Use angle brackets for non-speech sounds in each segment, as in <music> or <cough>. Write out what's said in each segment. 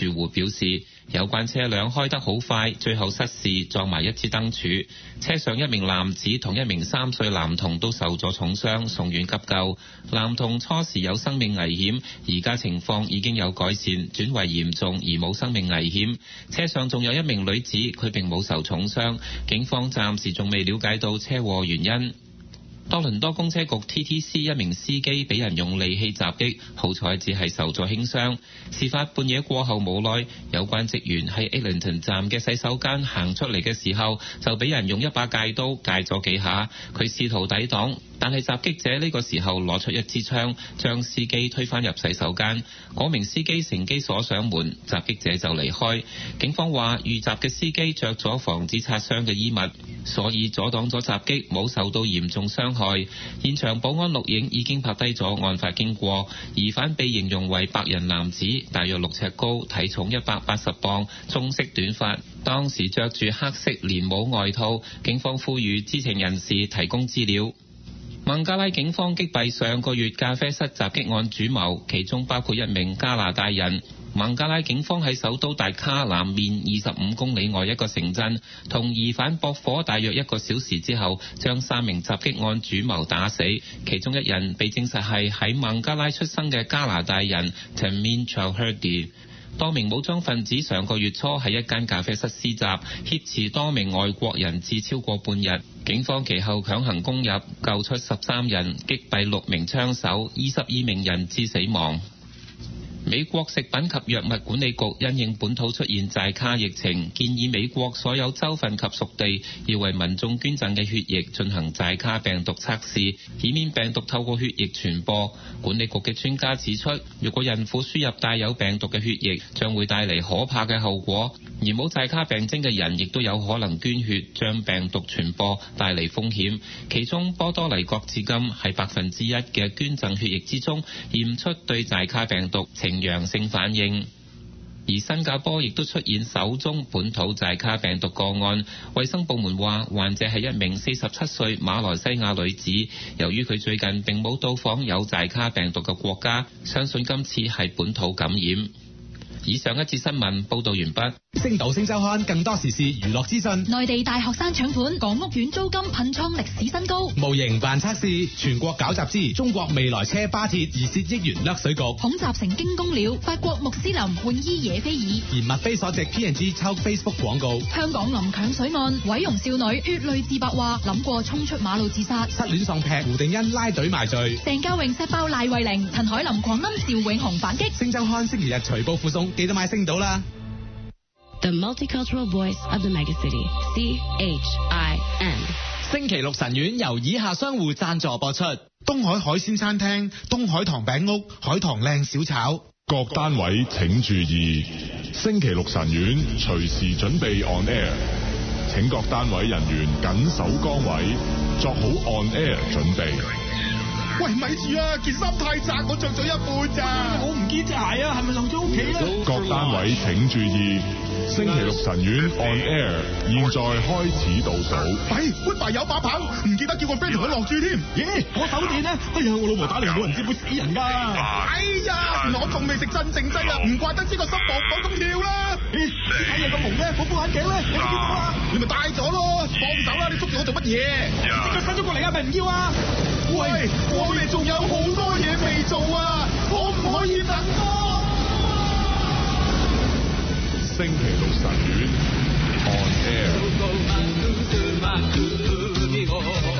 住戶表示，有關車輛開得好快，最後失事撞埋一支燈柱，車上一名男子同一名三歲男童都受咗重傷，送院急救。男童初時有生命危險，而家情況已經有改善，轉為嚴重而冇生命危險。車上仲有一名女子，佢並冇受重傷。警方暫時仲未了解到車禍原因。多倫多公車局 TTC 一名司機俾人用利器襲擊，好彩只係受咗輕傷。事發半夜過後冇耐，有關職員喺 Eglinton 站嘅洗手間行出嚟嘅時候，就俾人用一把戒刀戒咗幾下。佢試圖抵擋，但係襲擊者呢個時候攞出一支槍，將司機推返入洗手間。嗰名司機乘機鎖上門，襲擊者就離開。警方話遇襲嘅司機著咗防止擦傷嘅衣物，所以阻擋咗襲擊，冇受到嚴重傷害。現場保安錄影已經拍低咗案發經過，疑犯被形容為白人男子，大約六尺高，體重一百八十磅，棕色短髮，當時着住黑色連帽外套。警方呼籲知情人士提供資料。孟加拉警方擊斃上個月咖啡室襲擊案主謀，其中包括一名加拿大人。孟加拉警方喺首都大卡南面二十五公里外一個城鎮同疑犯搏火大約一個小時之後，將三名襲擊案主謀打死，其中一人被證實係喺孟加拉出生嘅加拿大人 Taimin Chowdhury 多名武裝分子上個月初喺一間咖啡室施襲，挾持多名外國人至超過半日，警方其後強行攻入，救出十三人，擊斃六名槍手，二十二名人質死亡。美國食品及藥物管理局因應本土出現寨卡疫情，建議美國所有州份及屬地要為民眾捐贈嘅血液進行寨卡病毒測試，以免病毒透過血液傳播。管理局嘅專家指出，如果孕婦輸入帶有病毒嘅血液，將會帶嚟可怕嘅後果；而冇寨卡病徵嘅人亦都有可能捐血，將病毒傳播帶嚟風險。其中，波多黎各至今係百分之一嘅捐贈血液之中驗出對寨卡病毒呈陽性反應，而新加坡亦都出現首宗本土寨卡病毒個案。衛生部門話，患者係一名四十七歲馬來西亞女子，由於佢最近並冇到訪有寨卡病毒嘅國家，相信今次係本土感染。以上一次新聞報導完畢。星島星周刊更多時事娛樂資訊。內地大學生搶款，港屋苑租金噴創歷史新高。無營辦測試，全國搞集資。中國未來車巴鐵疑涉億元甩水局。恐襲成驚弓鳥。法國穆斯林換衣惹非議。連物非所值。P&G 抽 Facebook 廣告。香港淋鏹水案，毀容少女血淚自白話，諗過衝出馬路自殺，失戀喪劈胡定欣拉隊埋醉。鄭嘉穎錫爆賴慧玲，陳凱琳、狂冧趙永紅反擊。星周刊星期日隨報附送。你都買星島啦！The multicultural voice of the mega city, C H I N。M、星期六神遠由以下商戶贊助播出：東海海鮮餐廳、東海堂餅屋、海棠靚小炒。各單位請注意，星期六神遠隨時準備 on air，請各單位人員緊守崗位，作好 on air 準備。喂，咪住啊！件衫太窄，我着咗一半咋。我唔見隻鞋啊，係咪留咗屋企啊？各單位請注意，星期六神晚期 on air，現在開始倒數。喂、哎！乜弊？有把棒，唔記得叫個 friend 同佢落住添。咦、欸，我手電呢？哎呀，我老婆打嚟冇人知會死人噶。哎呀，原來我仲未食鎮靜劑啊，唔怪得知個心搏搏咁跳啦。啲太陽咁紅咧，好副眼鏡咧，你見到啊！你咪戴咗咯，放手啦，你捉住我做乜嘢？即個伸咗過嚟啊，咪唔要啊？喂，我哋仲有好多嘢未做啊，可唔可以等多、啊？星期六上晝，On Air。哦哦哦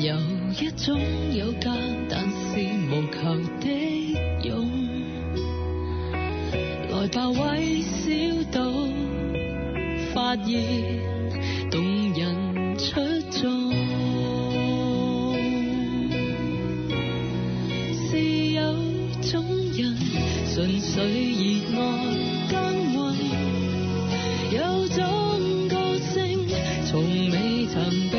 有一種有價，但是無求的勇。來把微笑到，發現動人出眾。是有種人，純粹熱愛耕耘，有種高興從未曾。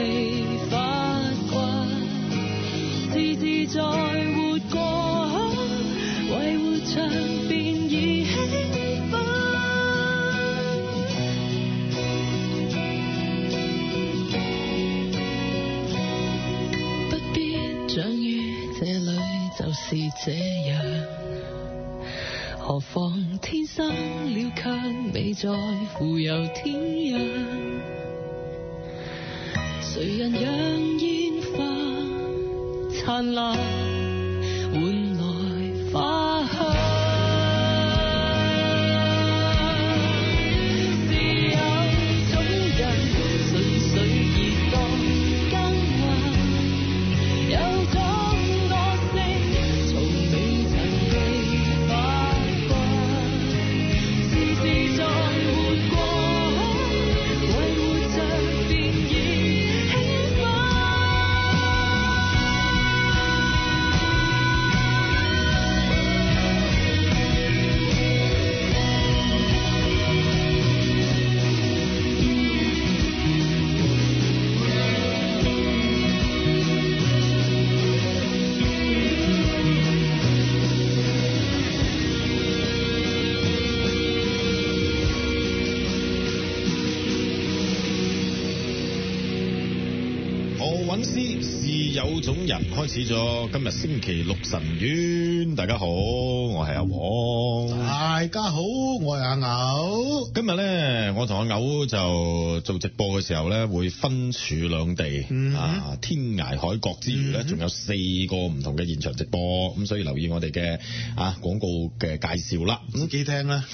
始咗今日星期六晨遠，大家好，我係阿黃，大家好，我係阿牛。今日咧，我同阿牛就做直播嘅時候咧，會分處兩地、嗯、哼啊！天涯海角之餘咧，仲有四個唔同嘅現場直播，咁所以留意我哋嘅啊廣告嘅介紹啦。咁幾聽啦。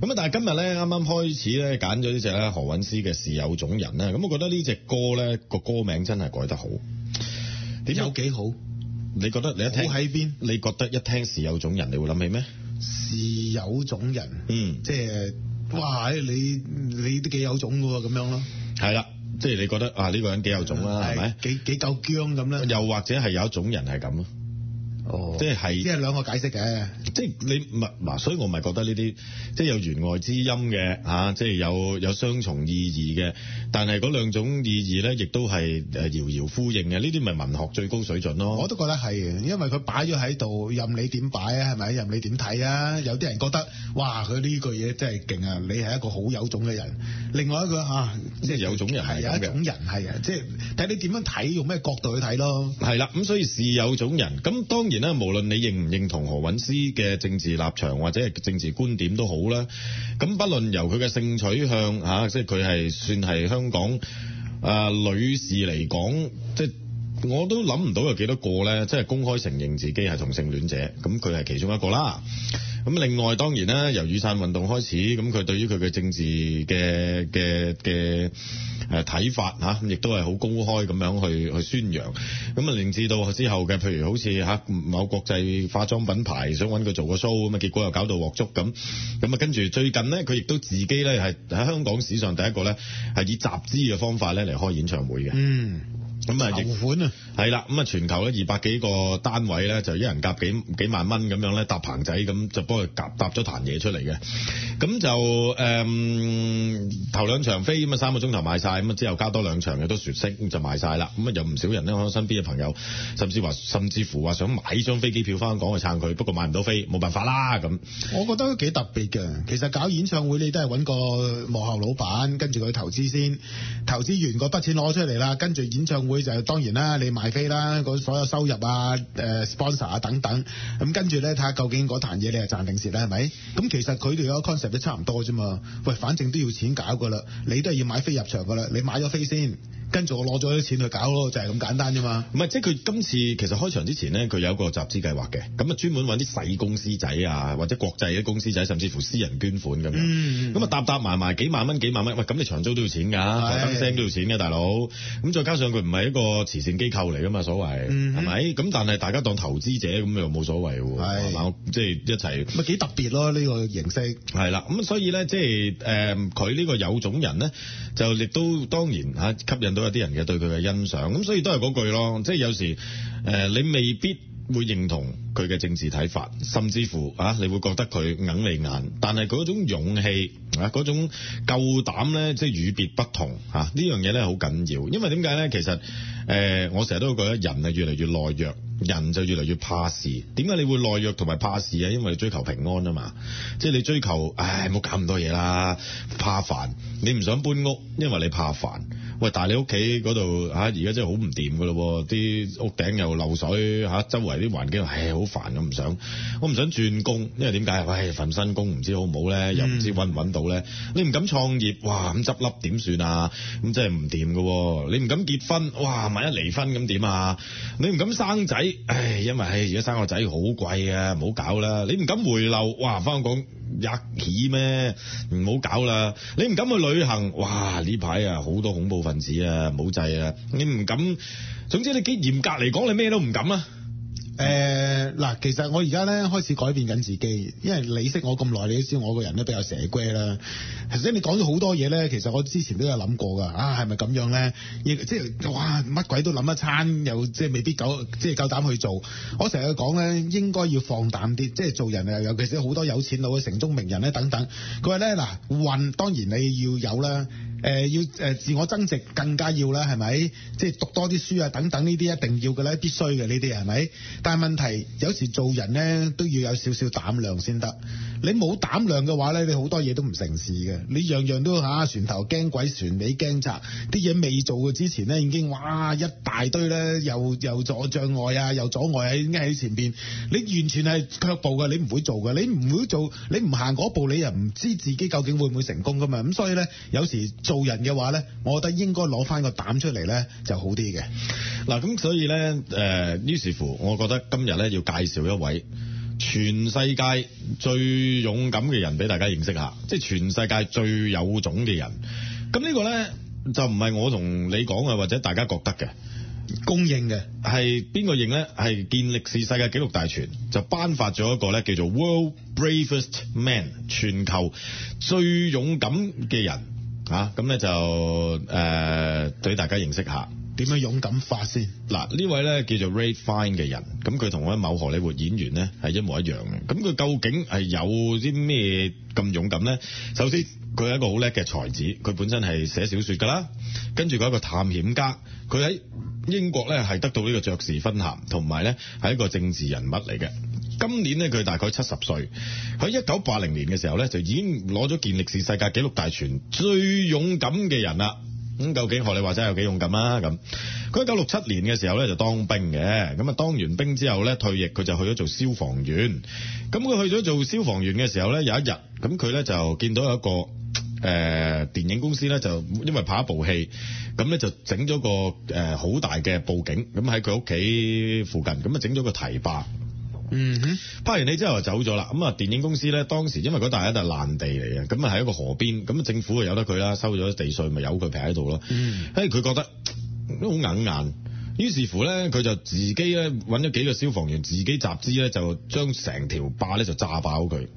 咁啊，但係今日咧，啱啱開始咧，揀咗呢隻咧何韻詩嘅《是有種人》咧，咁我覺得呢隻歌咧個歌名真係改得好，點有幾好？你覺得你一聽，喺邊？你覺得一聽是有種人，你會諗起咩？是有種人，嗯，即係哇！唉，你你都幾有種嘅喎，咁樣咯，係啦，即係你覺得啊，呢個人幾有種啦，係咪？幾幾夠薑咁咧？又或者係有一種人係咁咯。哦，即係即係兩個解釋嘅，即係你唔係嗱，所以我咪覺得呢啲即係有弦外之音嘅嚇，即係有有雙重意義嘅，但係嗰兩種意義咧，亦都係誒遙遙呼應嘅。呢啲咪文學最高水準咯。我都覺得係嘅，因為佢擺咗喺度，任你點擺啊，係咪？任你點睇啊？有啲人覺得哇，佢呢句嘢真係勁啊！你係一個好有種嘅人。另外一個啊，即係有種人係有一種人係啊，即係睇你點樣睇，用咩角度去睇咯。係啦，咁所以是有種人。咁當然。然咧，無論你認唔認同何韻詩嘅政治立場或者係政治觀點都好啦，咁不論由佢嘅性取向嚇，即係佢係算係香港誒女士嚟講，即係我都諗唔到有幾多個呢，即係公開承認自己係同性戀者，咁佢係其中一個啦。咁另外當然咧，由雨傘運動開始，咁佢對於佢嘅政治嘅嘅嘅誒睇法、啊、亦都係好公開咁樣去去宣揚。咁、嗯、啊，連至到之後嘅，譬如好似嚇某國際化妝品牌想揾佢做個 show，咁啊，結果又搞到鑊粥咁。咁啊，跟住最近呢，佢亦都自己咧係喺香港史上第一個咧係以集資嘅方法咧嚟開演唱會嘅。嗯。咁啊，籌款啊，係啦，咁啊，全球咧二百幾個單位咧，就一人夾幾幾萬蚊咁樣咧，搭棚仔咁就幫佢夾搭咗壇嘢出嚟嘅。咁就誒、嗯、頭兩場飛，咁啊三個鐘頭賣晒，咁啊之後加多兩場嘅都雪色，咁就賣晒啦。咁啊有唔少人咧，我身邊嘅朋友甚至話甚至乎話想買張飛機票翻香港去撐佢，不過買唔到飛，冇辦法啦咁。我覺得都幾特別嘅，其實搞演唱會你都係揾個幕後老板跟住佢投資先，投資完個筆錢攞出嚟啦，跟住演唱會。佢就當然啦，你買飛啦，嗰所有收入啊，誒、呃、sponsor 啊等等，咁跟住咧睇下究竟嗰壇嘢你係賺定蝕啦，係咪？咁其實佢哋個 concept 都差唔多啫嘛，喂，反正都要錢搞噶啦，你都係要買飛入場噶啦，你買咗飛先。跟住我攞咗啲錢去搞咯，就係、是、咁簡單啫嘛。唔係，即係佢今次其實開場之前咧，佢有個集資計劃嘅，咁啊專門揾啲細公司仔啊，或者國際嘅公司仔，甚至乎私人捐款咁樣。咁啊搭搭埋埋幾萬蚊幾萬蚊，喂，咁你長租都要錢㗎，是台燈聲都要錢嘅大佬。咁再加上佢唔係一個慈善機構嚟㗎嘛，所謂係咪？咁、嗯、哼但係大家當投資者咁又冇所謂喎。係咪是？即係一齊咪幾特別咯？呢個形式係啦。咁所以咧，即係誒佢呢個有種人咧，就亦都當然嚇、啊、吸引到。有啲人嘅對佢嘅欣賞咁，所以都係嗰句咯，即係有時誒，你未必會認同佢嘅政治睇法，甚至乎啊，你會覺得佢硬你眼，但係佢嗰種勇氣啊，嗰種夠膽咧，即係與別不同嚇呢樣嘢咧，好緊要。因為點解咧？其實誒，我成日都會覺得人係越嚟越懦弱，人就越嚟越怕事。點解你會懦弱同埋怕事啊？因為你追求平安啊嘛，即係你追求唉，冇搞咁多嘢啦，怕煩。你唔想搬屋，因為你怕煩。喂，但係你屋企嗰度吓，而家真係好唔掂㗎咯，啲屋頂又漏水吓，周圍啲環境係好煩，我唔想，我唔想轉工，因為點解啊？喂，份新工唔知好唔好咧，又唔知揾唔揾到咧。你唔敢創業，哇，咁執笠點算啊？咁真係唔掂㗎。你唔敢結婚，哇，萬一離婚咁點啊？你唔敢生仔，唉，因為係而家生個仔好貴呀，唔好搞啦。你唔敢回流，哇，返香港。吔，起咩？唔好搞啦！你唔敢去旅行，哇！呢排啊，好多恐怖分子啊，冇制啊！你唔敢，總之你幾嚴格嚟講，你咩都唔敢啊！誒嗱，嗯、其實我而家咧開始改變緊自己，因為你識我咁耐，你都知我個人都比較蛇乖啦。其實你講咗好多嘢咧，其實我之前都有諗過㗎。啊，係咪咁樣咧？亦即係哇，乜鬼都諗一餐，又即係未必夠，即係夠膽去做。我成日講咧，應該要放膽啲，即係做人啊，尤其是好多有錢佬嘅城中名人咧等等。佢話咧嗱，運當然你要有啦。誒要誒自我增值更加要啦，係咪？即係讀多啲書啊，等等呢啲一定要嘅咧，必須嘅呢啲係咪？但係問題有時做人呢，都要有少少膽量先得。你冇膽量嘅話呢，你好多嘢都唔成事嘅。你樣樣都嚇船頭驚鬼，船尾驚賊。啲嘢未做嘅之前呢，已經哇一大堆呢，又又阻障礙啊，又阻礙喺喺前面。你完全係卻步嘅，你唔會做嘅。你唔會做，你唔行嗰步，你又唔知自己究竟會唔會成功㗎嘛？咁所以呢，有時做人嘅話咧，我覺得應該攞翻個膽出嚟咧就好啲嘅。嗱，咁所以咧，誒，於是乎，我覺得今日咧要介紹一位全世界最勇敢嘅人俾大家認識下，即係全世界最有種嘅人。咁呢個咧就唔係我同你講嘅，或者大家覺得嘅，公認嘅係邊個認咧？係《健力士世界紀錄大全》就頒發咗一個咧，叫做 World Bravest Man，全球最勇敢嘅人。.嚇，咁咧就誒，對大家認識下，點樣勇敢化先？嗱，呢位咧叫做 Ray Fine 嘅人，咁佢同嗰啲某荷里活演員咧係一模一樣嘅。咁佢究竟係有啲咩咁勇敢咧？首先佢係一個好叻嘅才子，佢本身係寫小説㗎啦，跟住佢一個探險家，佢喺英國咧係得到呢個爵士分銜，同埋咧係一個政治人物嚟嘅。今年呢，佢大概七十歲。喺一九八零年嘅時候呢，就已經攞咗《健力士世界紀錄大全》最勇敢嘅人啦。咁究竟何你話齋有幾勇敢啊？咁佢一九六七年嘅時候呢，就當兵嘅。咁啊，當完兵之後呢，退役，佢就去咗做消防員。咁佢去咗做消防員嘅時候呢，有一日咁佢呢就見到有一個誒、呃、電影公司呢，就因為拍一部戲咁呢就整咗個誒好大嘅布景，咁喺佢屋企附近咁啊整咗個堤壩。嗯，哼，拍完戲之後就走咗啦，咁啊電影公司咧，當時因為嗰度係一笪爛地嚟嘅，咁啊喺一個河邊，咁啊政府就由得佢啦，收咗地稅咪由佢平喺度咯。嗯，誒佢覺得都好硬硬，於是乎咧佢就自己咧揾咗幾個消防員自己集資咧，就將成條壩咧就炸爆佢，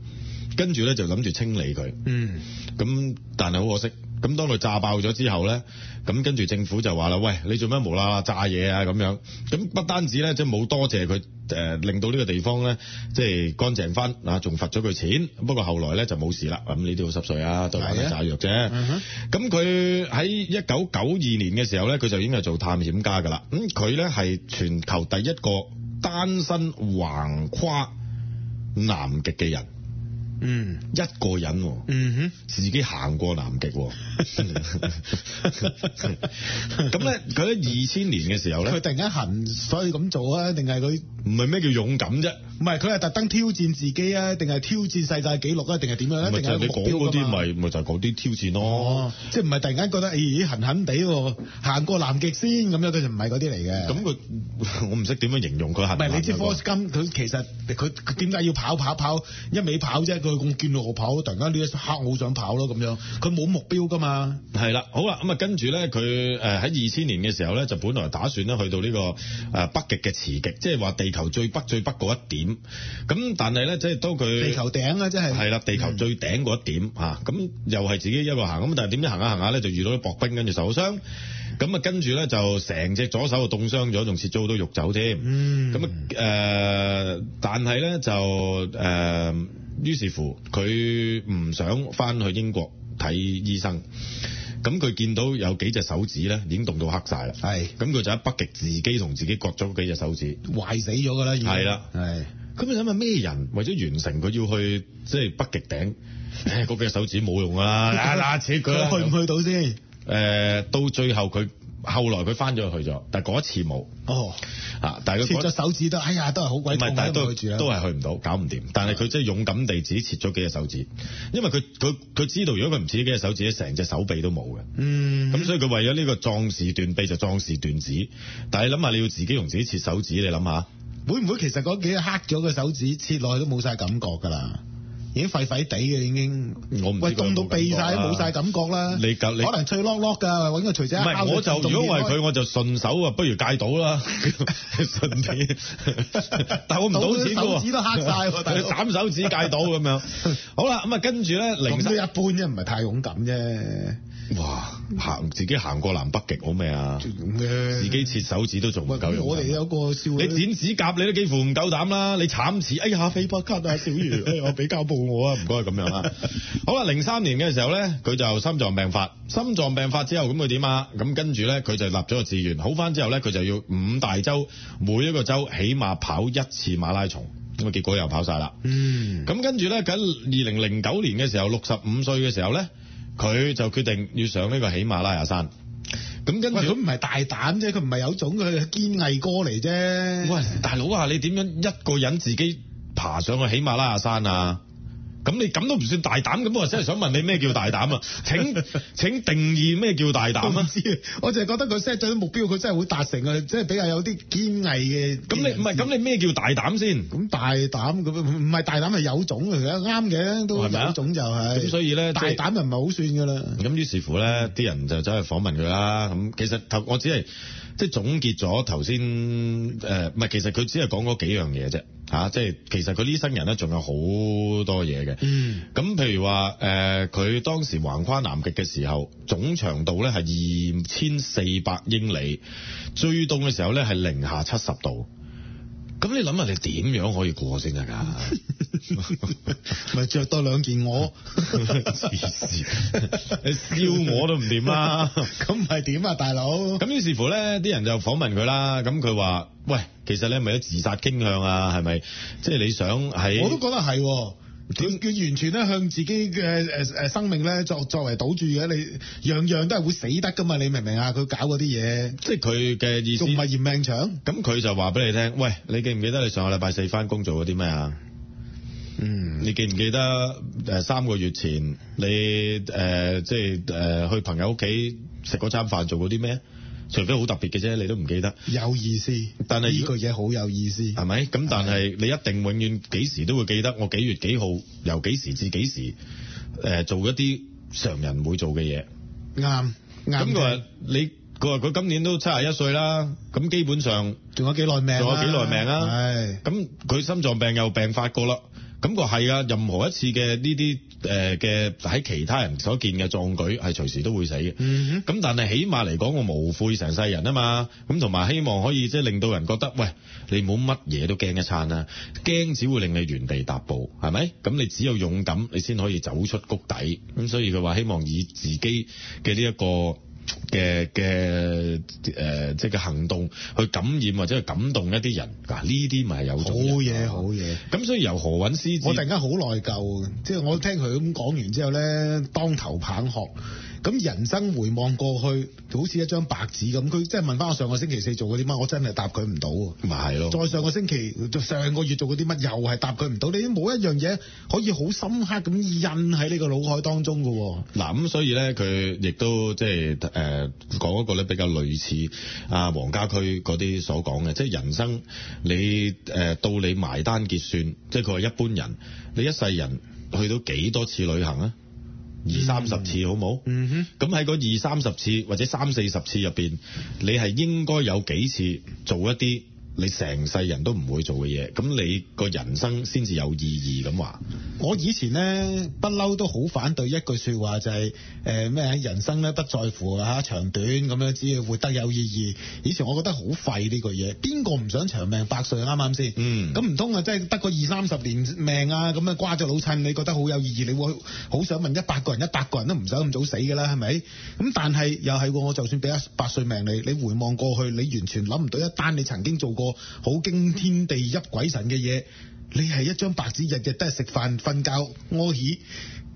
跟住咧就諗住清理佢。嗯，咁但係好可惜。咁當佢炸爆咗之後咧，咁跟住政府就話啦：喂，你做咩無啦啦炸嘢啊？咁樣，咁不單止咧，即係冇多謝佢，誒，令到呢個地方咧，即係乾淨翻啊，仲罰咗佢錢。不過後來咧就冇事啦。咁呢啲好濕碎啊，對嘛呢啲炸藥啫。咁佢喺一九九二年嘅時候咧，佢就已經係做探險家㗎啦。咁佢咧係全球第一個單身橫跨南極嘅人。嗯，一個人，嗯哼，自己行過南極，咁咧佢喺二千年嘅時候咧，佢突然間行，所以咁做啊？定係佢唔係咩叫勇敢啫？唔係佢係特登挑戰自己啊？定係挑戰世界紀錄啊？定係點樣咧？就係你講嗰啲咪咪就係講啲挑戰咯，即係唔係突然間覺得誒咦痕痕地行過南極先咁樣，就唔係嗰啲嚟嘅。咁佢我唔識點樣形容佢行。唔係你知，Forrest Gump 佢其實佢佢點解要跑跑跑一味跑啫？佢咁見到我跑，突然間呢一刻，我好想跑咯咁樣。佢冇目標噶嘛，係啦，好啦咁啊。跟住咧，佢誒喺二千年嘅時候咧，就本來打算咧去到呢個誒北極嘅磁極，即係話地球最北最北嗰一點。咁但係咧，即係當佢地球頂啊，即係係啦，地球最頂嗰一點嚇。咁又係自己一路行咁，但係點知行下行下咧就遇到啲薄冰，跟住受傷咁啊。跟住咧就成隻左手就凍傷咗，仲切咗好多肉走添。嗯，咁啊誒，但係咧就誒。於是乎，佢唔想翻去英國睇醫生，咁佢見到有幾隻手指咧已經凍到黑晒啦。係是，咁佢就喺北極自己同自己割咗幾隻手指，壞死咗㗎啦。係啦，係的。咁你諗下咩人為咗完成佢要去即係北極頂？誒，嗰幾隻手指冇用啦，嗱嗱扯佢啦。去唔去到先？誒，到最後佢。後來佢返咗去咗，但係嗰一次冇。哦，啊！切咗手指都，哎呀，都係好鬼但痛。唔係但是都係去唔到，搞唔掂。但係佢真係勇敢地自己切咗幾隻手指，因為佢佢佢知道，如果佢唔切幾隻手指，咧成隻手臂都冇嘅。嗯。咁所以佢為咗呢個壯士斷臂就壯士斷指。但係你諗下，你要自己用自己切手指，你諗下會唔會其實嗰幾隻黑咗嘅手指切落去都冇晒感覺㗎啦？已經廢廢地嘅已經，我唔喂凍到痹曬，冇晒感覺啦，啊。你你可能脆落落㗎，揾個錘仔。唔係，我就敲如果係佢，我就順手啊，不如戒賭啦。 <laughs> 順便， <laughs> 但係我唔賭錢㗎喎。手指都黑晒喎，佢斬 <laughs> 手指戒賭咁樣。 <laughs> 好啦，咁啊，跟住咧零都一般啫，唔係太勇敢啫。哇！行自己行過南北極好咩啊？自己切手指都仲唔夠用。我哋有個你剪指甲你都幾乎唔夠膽啦！你慘齒，哎呀，飛不卡 u t 啊！小魚， <laughs> 哎、我比較暴我啊！唔該咁樣啦。 <laughs> 好啦，零三年嘅時候咧，佢就心臟病發。心臟病發之後咁佢點啊？咁跟住咧佢就立咗個志願，好返之後咧佢就要五大洲每一個洲起碼跑一次馬拉松。咁啊結果又跑晒啦。嗯。咁跟住咧喺二零零九年嘅時候，六十五歲嘅時候咧。佢就決定要上呢個喜馬拉雅山，咁跟住佢唔係大膽啫，佢唔係有種，佢堅毅哥嚟啫。喂，大佬啊，你點樣一個人自己爬上去喜馬拉雅山啊？咁你咁都唔算大膽，咁我真係想問你咩叫， <laughs> 叫大膽啊？請請定義咩叫大膽啊？唔知啊，我淨係覺得佢 set 咗啲目標，佢真係會達成啊，即係比較有啲堅毅嘅。咁你唔係咁，你咩叫大膽先？咁大膽，咁唔係大膽係有種嚟嘅，啱嘅都有種就係，是。咁所以咧，大膽就唔係好算噶啦。咁於是乎咧，啲人就走去訪問佢啦。咁其實頭我只係。即係總結咗頭先誒，唔係其實佢只係講嗰幾樣嘢啫嚇，即係其實佢呢生人咧仲有好多嘢嘅。嗯，咁譬如話誒，佢當時橫跨南極嘅時候，總長度咧係二千四百英里，最凍嘅時候咧係零下七十度。咁你諗下你點樣可以過先得噶？咪着 <laughs> 多兩件我，黐線 <laughs> 燒我都唔掂啦，咁係點啊，大佬？咁於是乎咧，啲人就訪問佢啦。咁佢話，喂，其實你係咪有自殺傾向啊？係咪？即、就、係、是、你想係我都覺得係、哦。佢完全咧向自己嘅誒誒生命咧作作為賭注嘅，你樣樣都係會死得噶嘛？你明唔明啊？佢搞嗰啲嘢，即係佢嘅意思。唔係嚴命長，咁佢就話俾你聽：喂，你記唔記得你上個禮拜四翻工做嗰啲咩啊？嗯，你記唔記得誒三個月前你誒、呃、即係誒、呃、去朋友屋企食嗰餐飯做嗰啲咩？除非好特別嘅啫，你都唔記得。有意思，但係呢個嘢好有意思，係咪？咁但係你一定永遠幾時都會記得，我幾月幾號由幾時至幾時，誒做一啲常人唔會做嘅嘢。啱啱。咁佢話你，佢話佢今年都七十一歲啦，咁基本上仲有幾耐命？仲有幾耐命啊？係。咁佢心臟病又病發過啦。感覺係啊！任何一次嘅呢啲誒嘅喺其他人所見嘅壯舉，係隨時都會死嘅。咁、嗯、哼但係起碼嚟講，我無悔成世人啊嘛！咁同埋希望可以即係令到人覺得，喂，你冇乜嘢都驚一餐啊，驚只會令你原地踏步，係咪？咁你只有勇敢，你先可以走出谷底。咁所以佢話希望以自己嘅呢一個。嘅嘅誒，即係嘅行動去感染或者去感動一啲人嗱，呢啲咪係有好嘢，好嘢。咁所以由何韻詩我突然間好內疚，即係我聽佢咁講完之後咧，當頭棒喝。咁人生回望過去，好似一張白紙咁。佢即係問翻我上個星期四做嗰啲乜，我真係答佢唔到喎。咪係咯。再上個星期，上個月做嗰啲乜，又係答佢唔到。你冇一樣嘢可以好深刻咁印喺呢個腦海當中嘅。嗱，咁所以咧，佢亦都即係誒講一個咧比較類似啊黃家駒嗰啲所講嘅，即係人生你誒到你埋單結算，即係佢話一般人你一世人去到幾多次旅行啊？二三十次好冇？嗯哼，咁喺嗰二三十次或者三四十次入邊，你係應該有幾次做一啲。你成世人都唔會做嘅嘢，咁你個人生先至有意義咁話。說我以前呢，不嬲都好反對一句說話就係、誒、咩、呃、人生呢，不在乎嚇長短咁樣，只要活得有意義。以前我覺得好廢呢句嘢，邊個唔想長命百歲啱啱先？嗯，咁唔通啊，即係得個二三十年命啊，咁啊掛咗老襯，你覺得好有意義？你會好想問一百個人，一百個人都唔想咁早死㗎啦，係咪？咁但係又係喎，我就算俾一百歲命你，你回望過去，你完全諗唔到一單你曾經做過好驚天地泣鬼神嘅嘢，你係一張白紙，日日都係食飯、瞓覺、屙屎。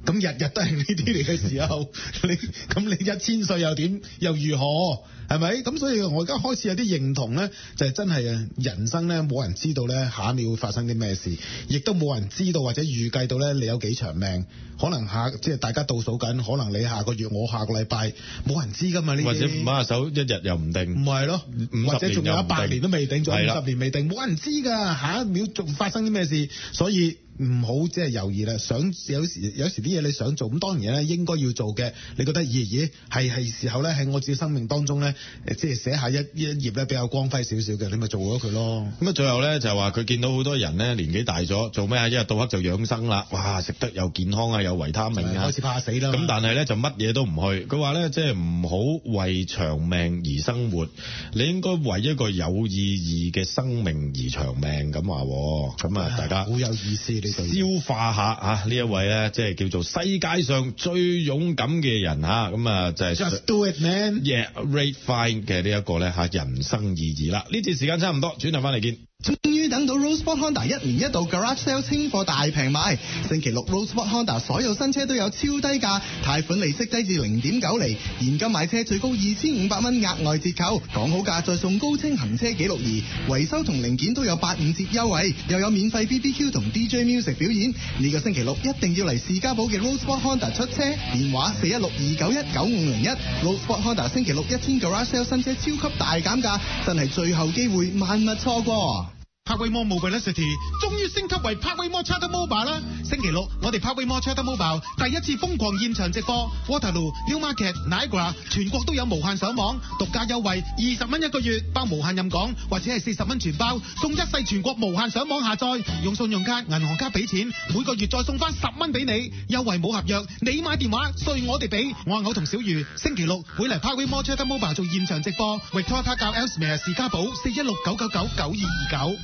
咁日日都係呢啲嚟嘅時候， <laughs> 你咁你一千歲又點又如何？係咪？咁所以我而家開始有啲認同呢，就係、是、真係人生呢，冇人知道呢下一秒會發生啲咩事，亦都冇人知道或者預計到呢你有幾長命，可能下即係大家倒數緊，可能你下個月我下個禮拜冇人知噶嘛呢啲，你或者唔揾手一日又唔定，唔係咯，五十年又唔定，或者仲有一百年都未定，仲有五十年未定，冇對了 人知㗎，下一秒仲發生啲咩事，所以。唔好即係猶豫啦，想有時有時啲嘢你想做，咁當然嘢咧應該要做嘅。你覺得咦咦係係時候咧，喺我自己生命當中咧，即係寫下一一頁咧比較光輝少少嘅，你咪做咗佢咯。咁啊，最後咧就話佢見到好多人咧年紀大咗做咩啊，一日到黑就養生啦，哇，食得又健康啊，有維他命呀，開始怕死啦。咁但係咧就乜嘢都唔去，佢話咧即係唔好為長命而生活，你應該為一個有意義嘅生命而長命咁話。咁啊，啊唉大家好有意思你消化下吓呢一位咧，即係叫做世界上最勇敢嘅人吓。咁啊就係。Just Do It Man，Yeah，Rate Fine 嘅呢一個咧吓人生意義啦。呢節時間差唔多，轉頭翻嚟見等到 Roadsport Honda 一年一度 Garage Sale 清貨大平賣，星期六 Roadsport Honda 所有新車都有超低價，貸款利息低至零點九厘，現金買車最高二千五百蚊額外折扣，講好價再送高清行車記錄儀，維修同零件都有八五折優惠，又有免費 BBQ 同 DJ music 表演。呢個星期六一定要嚟士嘉堡嘅 Roadsport Honda 出車，電話四一六二九一九五零一。Roadsport Honda 星期六一千 Garage Sale 新車超級大減價，真係最後機會，萬勿錯過。p 派威摩 mobility 終於升級為派威摩 Chatr Mobile 啦！星期六我哋 p a 派威摩 Chatr Mobile 第一次瘋狂現場直播，Waterloo、Water Newmarket、Niagara 全國都有無限上網，獨家優惠二十蚊一個月包無限任講，或者係四十蚊全包送一世全國無限上網下載，用信用卡、銀行卡俾錢，每個月再送翻十蚊俾你，優惠冇合約，你買電話稅我哋俾。我阿牛同小魚星期六會嚟 p a 派威摩 Chatr Mobile 做現場直播，Victoria 交 Ellesmere 士嘉堡四一六九九九九二二九。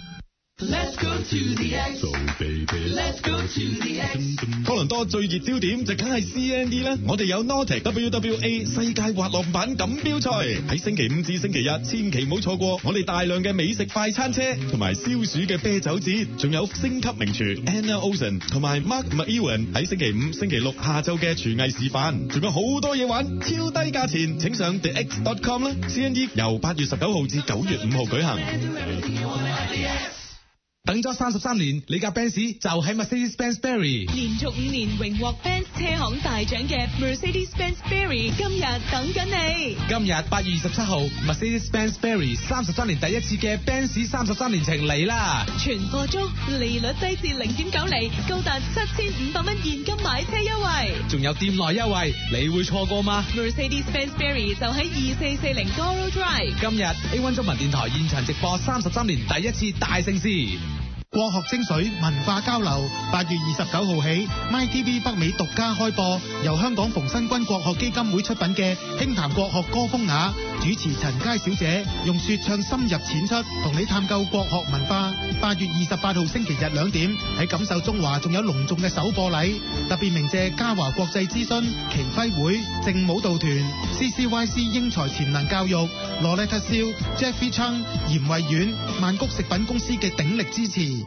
Let's go to the X, baby. Let's go to the X. 多倫多最熱焦點就梗係 C N E 啦。我哋有 n o r t e c W W A 世界滑浪板錦標賽喺星期五至星期日，千祈唔好錯過。我哋大量嘅美食快餐車同埋消暑嘅啤酒節，仲有星級名廚 Anna Olson 同埋 Mark McEwan 喺星期五、星期六下晝嘅廚藝示範，仲有好多嘢玩，超低價錢，請上 theex.com 啦。C N E 由八月十九號至九月五號舉行。等咗三十三年，你架奔馳就喺 Mercedes-Benz Berry，連續五年榮獲奔馳車行大獎嘅 Mercedes-Benz Berry 今日等緊你。今日八月二十七號，Mercedes-Benz Berry 三十三年第一次嘅 b 奔馳三十三年情嚟啦！全貨中利率低至零點九厘，高達七千五百蚊現金買車優惠，仲有店內優惠，你會錯過嗎？Mercedes-Benz Berry 就喺二四四零 Goro Drive。今日 A1 中文電台現場直播三十三年第一次大盛事。國學精髓，文化交流。八月二十九號起，MyTV 北美獨家開播，由香港馮新軍國學基金會出品嘅《輕談國學歌風雅》，主持陳佳小姐用說唱深入淺出，同你探究國學文化。八月二十八號星期日兩點喺感受中華，仲有隆重嘅首播禮。特別鳴謝嘉華國際諮詢、奇輝會、正舞蹈團、CCYC 英才潛能教育、羅麗特、肖 Jeffrey Chung、嚴慧苑、曼谷食品公司嘅鼎力支持。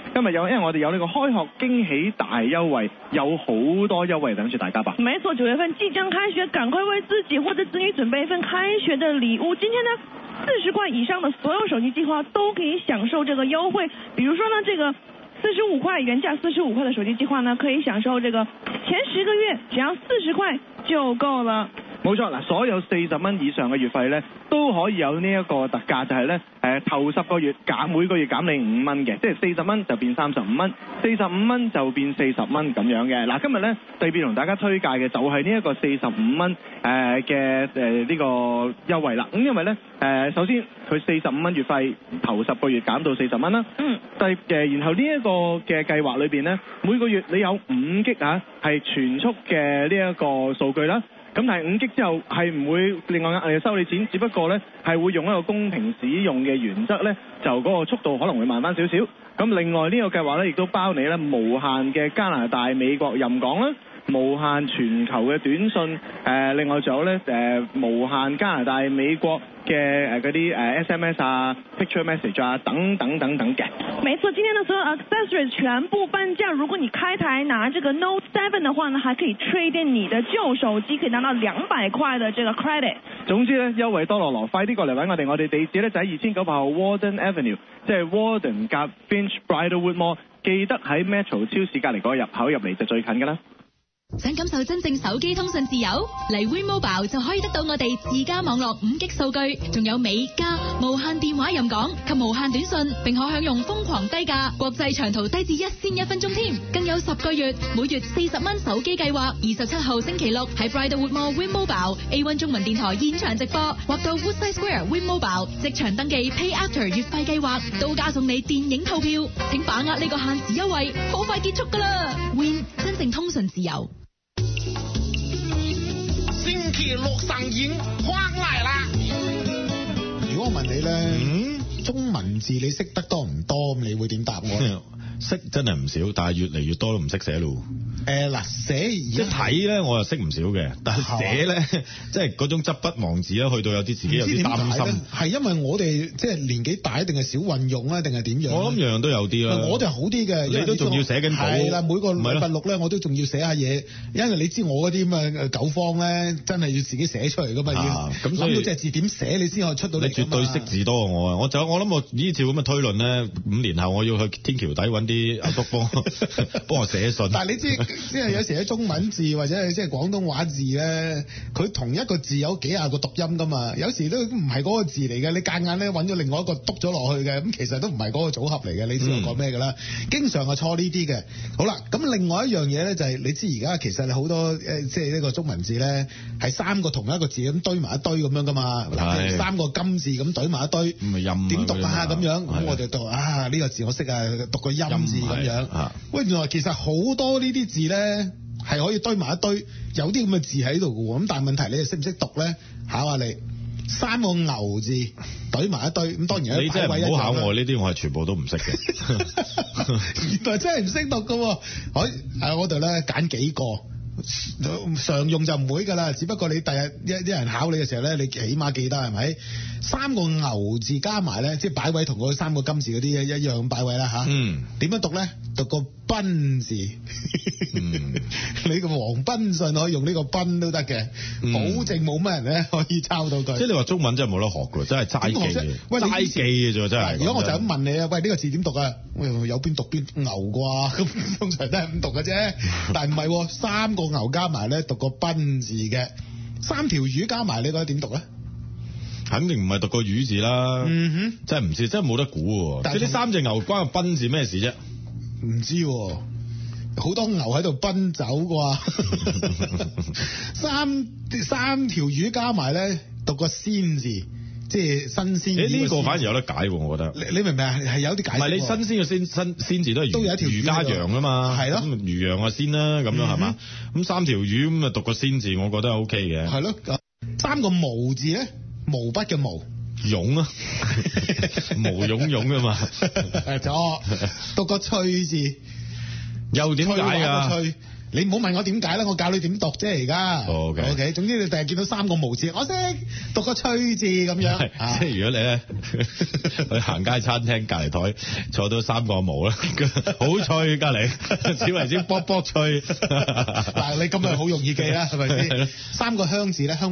今日有，因為我哋有呢個開學驚喜大優惠，有好多優惠等住大家吧。沒錯，九月份即將開學，趕快為自己或者子女準備一份開學的禮物。今天呢，四十塊以上的所有手機計劃都可以享受這個優惠。比如說呢，這個四十五塊原價四十五塊的手機計劃呢，可以享受這個前十個月只要四十塊就夠了。冇錯嗱，所有四十蚊以上嘅月費呢，都可以有呢一個特價，就係呢，誒頭十個月減每個月減你五蚊嘅，即係四十蚊就變三十五蚊，四十五蚊就變四十蚊咁樣嘅。嗱，今日呢，特別同大家推介嘅就係呢一個四十五蚊誒嘅呢個優惠啦。咁因為呢，呃，首先佢四十五蚊月費頭十個月減到四十蚊啦，嗯，第然後呢一個嘅計劃裏面呢，每個月你有五激嚇係全速嘅呢一個數據啦。咁但係 5GB 之後係唔會另外額外收你錢，只不過咧係會用一個公平使用嘅原則咧，就嗰個速度可能會慢翻少少。咁另外呢個計劃咧亦都包你咧無限嘅加拿大、美國任講啦。無限全球嘅短信，誒、呃，另外仲有咧誒、呃、無限加拿大、美國嘅誒嗰啲 SMS 啊、Picture Message 啊等等等等嘅。沒錯，今天的所有 accessories 全部半價。如果你開台拿這個 Note Seven 嘅話呢，還可以 trade 你嘅舊手機，可以拿到兩百塊嘅這個 credit。總之呢，優惠多羅羅，快啲過嚟揾我哋！我哋地址咧就喺二千九百號 Warden Avenue，即係 Warden 夾 Finch，Bridlewood Mall。記得喺 Metro 超市隔離嗰個入口入嚟就最近㗎啦。想感受真正手機通訊自由，嚟 Win Mobile 就可以得到我哋自家網絡五 G 數據，仲有美加無限電話任講及無限短信，並可享用瘋狂低價國際長途低至一仙一分鐘添，更有十個月每月四十蚊手機計劃。二十七號星期六喺 Bridlewood Mall Win Mobile A1 中文電台現場直播，或到 Woodside Square Win Mobile 即場登記 Pay After 月費計劃，都加送你電影套票。請把握呢個限時優惠，好快結束噶啦！Win 真正通訊自由。陸神演翻嚟啦！如果我問你咧，嗯、中文字你識得多唔多？你會點答我呢？ <laughs> 識真係唔少，但係越嚟越多都唔識寫咯。誒嗱、呃，寫而家一睇咧，我又識唔少嘅，但係寫咧，是吧即係嗰種執筆忘字咧，去到有啲自己有啲擔心。係因為我哋即係年紀大一定係少運用啊，定係點樣？我諗樣樣都有啲啦。我哋好啲嘅，你都仲要寫緊稿。係啦，每個禮拜六咧，我都仲要寫下嘢，因為你知我嗰啲咁嘅九方咧，真係要自己寫出嚟噶嘛，要揾、啊、到隻字點寫你先可以出到。你絕對識字多過我啊！我就我諗我依照咁嘅推論咧，五年後我要去天橋底揾啲阿叔幫幫我寫信，但係你知即係有時喺中文字或者即係廣東話字咧，佢同一個字有幾廿個讀音㗎嘛，有時都唔係嗰個字嚟嘅，你夾硬咧揾咗另外一個督咗落去嘅，咁其實都唔係嗰個組合嚟嘅，你知我講咩㗎啦，經常係錯呢啲嘅。好啦，咁另外一樣嘢咧就係你知而家其實你好多誒，即係呢個中文字咧係三個同一個字咁堆埋一堆咁樣㗎嘛，三個金字咁堆埋一堆，咁咪音點讀啊咁樣，咁的我就讀啊呢個字我識啊，讀個音。字咁樣，喂，原來其實好多呢啲字咧係可以堆埋一堆，有啲咁嘅字喺度㗎喎。咁但係問題你哋識唔識讀咧？考下，你三個牛字堆埋一堆，咁當然你真係唔好考我呢啲，我係全部都唔識嘅。原來真係唔識讀㗎喎，好喺我度咧，揀幾個。常用就唔會噶啦，只不過你第日一一人考你嘅時候咧，你起碼記得係咪三個牛字加埋咧，即係擺位同我三個金字嗰啲一樣擺位啦吓，嗯。點樣讀咧？讀個賓字。嗯、 <laughs> 你個黃賓上可以用呢、呢個賓都得嘅，嗯、保證冇咩人咧可以抄到佢。即係你話中文真係冇得學㗎，真係齋記。齋記嘅啫，真係忌。如果我就咁、是、問你啊，喂，呢、呢個字點讀啊、哎？有邊讀邊讀牛啩、啊？咁 <laughs> 通常都係咁讀嘅啫，但係唔係三個。牛加埋咧，讀個奔字嘅。三條魚加埋，你覺得點讀咧？肯定唔係讀個魚字啦。嗯哼，真係唔知，真係冇得估喎。但係呢三隻牛關個奔字咩事啫？唔知喎、啊，好多牛喺度奔走啩、啊。 <laughs> <laughs> 三三條魚加埋咧，讀個仙字。即係新鮮，鮮。誒呢、欸這個反而有得解喎，我覺得。你，你明唔明啊？係有啲解釋。唔係你新鮮嘅鮮，新鮮字都係魚都有一條魚，魚加羊啊嘛。係咯的。魚羊啊，鮮啦，咁、嗯、哼樣係嘛？咁三條魚咁啊，讀個鮮字，我覺得 O K 嘅。係咯，三個毛字咧，毛筆嘅毛，茸啊， <laughs> 毛茸茸啊嘛。錯、 <laughs> 哦，讀個脆字，又點解啊？你唔好問我點解啦，我教你點讀啫而家。OK，OK，Okay.、okay? 總之你第日見到三個毛字，我識，讀個翠字咁樣，即係如果你咧 <laughs> 去行街餐廳隔離台坐到三個毛啦，好脆隔籬，係咪先？卜卜脆但係你今日好容易記啦，係咪先？ <laughs> 三個香字咧香。